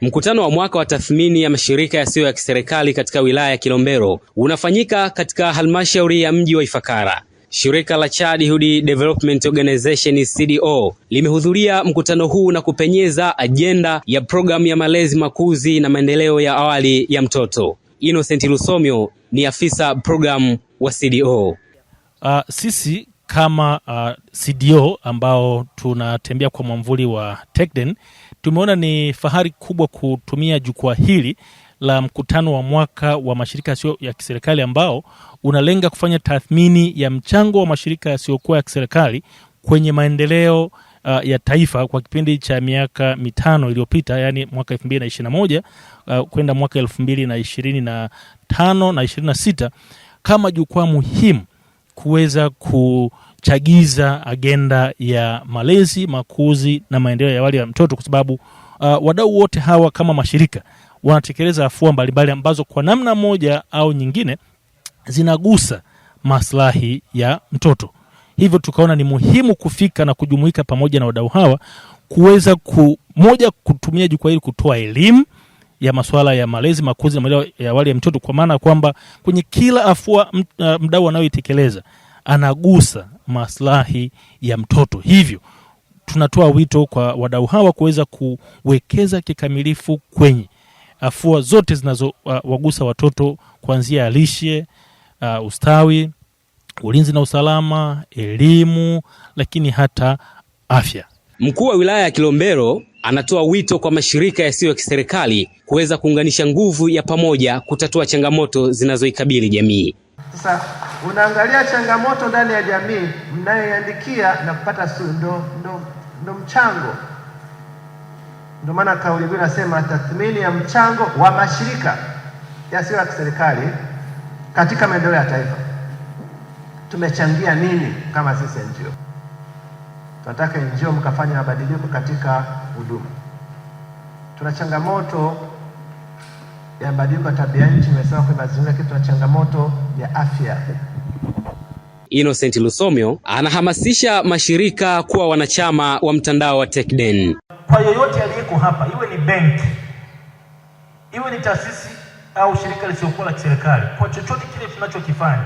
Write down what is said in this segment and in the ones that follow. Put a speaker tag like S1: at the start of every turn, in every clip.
S1: Mkutano wa mwaka wa tathmini ya mashirika yasiyo ya kiserikali katika wilaya ya Kilombero unafanyika katika halmashauri ya mji wa Ifakara. Shirika la Childhood Development Organization CDO limehudhuria mkutano huu na kupenyeza ajenda ya programu ya malezi, makuzi na maendeleo ya awali ya mtoto. Innocent Lusomyo ni afisa programu wa CDO. Uh,
S2: ah, sisi kama uh, CDO ambao tunatembea kwa mwamvuli wa TechDen, tumeona ni fahari kubwa kutumia jukwaa hili la mkutano wa mwaka wa mashirika yasiyo ya kiserikali ambao unalenga kufanya tathmini ya mchango wa mashirika yasiyokuwa ya kiserikali kwenye maendeleo Uh, ya taifa kwa kipindi cha miaka mitano iliyopita, yani mwaka 2021 uh, kwenda mwaka 2025 na 26 kama jukwaa muhimu kuweza kuchagiza agenda ya malezi, makuzi na maendeleo ya awali ya mtoto, kwa sababu uh, wadau wote hawa kama mashirika wanatekeleza afua mbalimbali ambazo kwa namna moja au nyingine zinagusa maslahi ya mtoto. Hivyo tukaona ni muhimu kufika na kujumuika pamoja na wadau hawa kuweza kumoja kutumia jukwaa hili kutoa elimu ya masuala ya malezi, makuzi na ya awali ya mtoto, kwa maana ya kwamba kwenye kila afua eh, mdau anayoitekeleza anagusa maslahi ya mtoto. Hivyo tunatoa wito kwa wadau hawa kuweza kuwekeza kikamilifu kwenye afua zote zinazowagusa uh, watoto kuanzia ya lishe, uh, ustawi, ulinzi na usalama, elimu, lakini hata afya.
S1: Mkuu wa wilaya ya Kilombero Anatoa wito kwa mashirika yasiyo ya kiserikali kuweza kuunganisha nguvu ya pamoja kutatua changamoto zinazoikabili jamii.
S3: Sasa unaangalia changamoto ndani ya jamii mnayoiandikia na kupata ndo, ndo, ndo mchango. Ndio maana kauli mbiu nasema tathmini ya mchango wa mashirika yasiyo ya kiserikali katika maendeleo ya taifa. Tumechangia nini kama sisi NGO? tunataka NGO mkafanya mabadiliko katika huduma. Tuna changamoto ya mabadiliko ya tabia nchi, imesema kwenye mazingira, lakini tuna changamoto ya afya.
S1: Innocent Lusomyo anahamasisha mashirika kuwa wanachama wa mtandao wa TechDen.
S4: Kwa yoyote aliyeko hapa, iwe ni benki, iwe ni taasisi au shirika lisiokuwa la kiserikali, kwa chochote kile tunachokifanya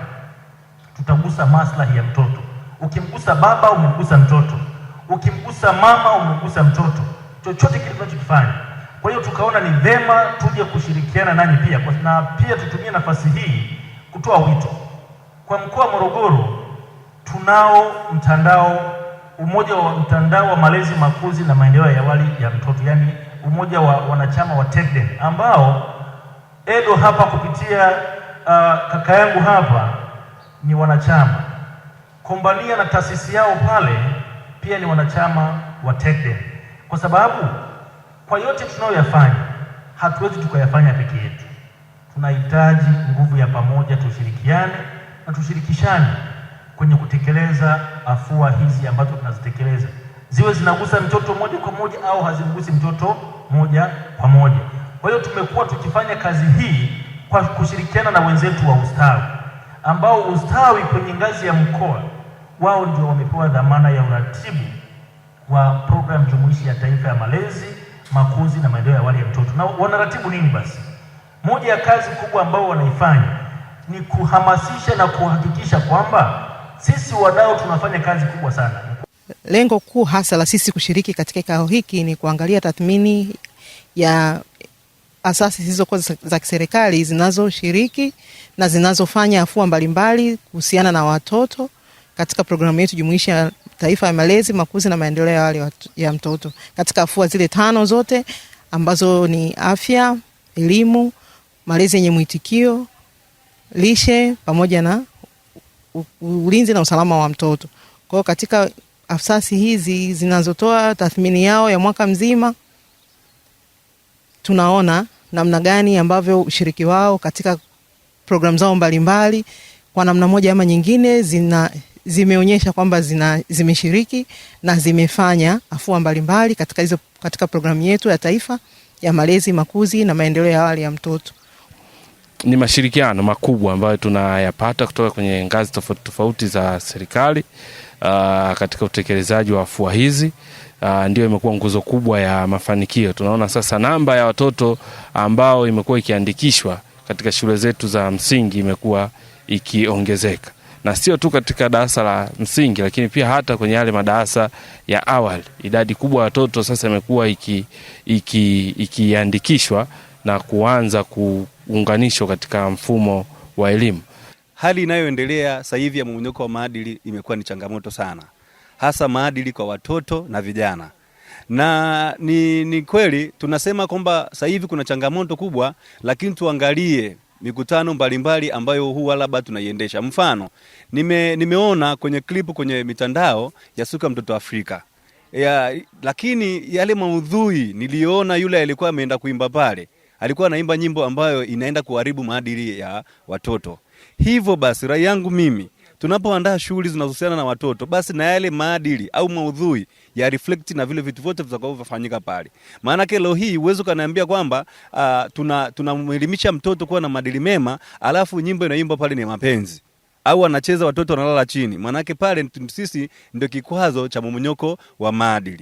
S4: tutagusa maslahi ya mtoto. Ukimgusa baba, umemgusa mtoto. Ukimgusa mama umemgusa mtoto, chochote kile tunachokifanya. Kwa hiyo tukaona ni vema tuje kushirikiana nanyi pia, na pia tutumie nafasi hii kutoa wito kwa mkoa wa Morogoro. Tunao mtandao umoja wa mtandao wa malezi makuzi na maendeleo ya awali ya mtoto, yaani umoja wa wanachama wa TECDEN ambao Edo hapa kupitia uh, kaka yangu hapa ni wanachama kombania na taasisi yao pale pia ni wanachama wa TECDEM, kwa sababu kwa yote tunayoyafanya hatuwezi tukayafanya peke yetu. Tunahitaji nguvu ya pamoja, tushirikiane na tushirikishane kwenye kutekeleza afua hizi ambazo tunazitekeleza, ziwe zinagusa mtoto moja kwa moja au hazimgusi mtoto moja kwa moja. Kwa hiyo tumekuwa tukifanya kazi hii kwa kushirikiana na wenzetu wa ustawi, ambao ustawi kwenye ngazi ya mkoa wao ndio wamepewa dhamana ya uratibu wa programu jumuishi ya taifa ya malezi, makuzi na maendeleo ya awali ya mtoto. Na wanaratibu nini basi? Moja ya kazi kubwa ambao wanaifanya ni kuhamasisha na kuhakikisha kwamba sisi wadau tunafanya kazi kubwa sana.
S5: Lengo kuu hasa la sisi kushiriki katika kikao hiki ni kuangalia tathmini ya asasi zisizokuwa za kiserikali zinazoshiriki na zinazofanya afua mbalimbali kuhusiana na watoto katika programu yetu jumuishi ya taifa ya malezi, makuzi na maendeleo ya awali ya mtoto katika afua zile tano zote ambazo ni afya, elimu, malezi yenye mwitikio, lishe pamoja na ulinzi na usalama wa mtoto. Kwa hiyo katika asasi hizi zinazotoa tathmini yao ya mwaka mzima, tunaona namna gani ambavyo ushiriki wao katika programu zao mbalimbali kwa namna moja ama nyingine zina zimeonyesha kwamba zina, zimeshiriki na zimefanya afua mbalimbali katika, hizo, katika programu yetu ya taifa ya malezi makuzi na maendeleo ya awali ya mtoto.
S6: Ni mashirikiano makubwa ambayo tunayapata kutoka kwenye ngazi tofauti tofauti za serikali uh, katika utekelezaji wa afua hizi uh, ndio imekuwa nguzo kubwa ya mafanikio. Tunaona sasa namba ya watoto ambao imekuwa ikiandikishwa katika shule zetu za msingi imekuwa ikiongezeka na sio tu katika darasa la msingi, lakini pia hata kwenye yale madarasa ya awali. Idadi kubwa ya watoto sasa imekuwa ikiandikishwa iki, iki na kuanza kuunganishwa katika mfumo wa elimu.
S7: Hali inayoendelea sasa hivi ya mmonyoko wa maadili imekuwa ni changamoto sana, hasa maadili kwa watoto na vijana na ni, ni kweli tunasema kwamba sasa hivi kuna changamoto kubwa, lakini tuangalie mikutano mbalimbali ambayo huwa labda tunaiendesha. Mfano nime, nimeona kwenye clip kwenye mitandao ya Suka Mtoto Afrika ya, lakini yale maudhui niliona yule alikuwa ameenda kuimba pale, alikuwa anaimba nyimbo ambayo inaenda kuharibu maadili ya watoto. Hivyo basi rai yangu mimi tunapoandaa shughuli zinazohusiana na watoto, basi na yale maadili au maudhui ya reflect na vile vitu vyote vitakavyofanyika pale. Maana leo hii uwezo kaniambia kwamba uh, tuna mtoto kuwa na maadili mema, alafu nyimbo inaimba pale ni mapenzi au anacheza watoto wanalala chini, maanake pale sisi ndio kikwazo cha mmonyoko wa maadili.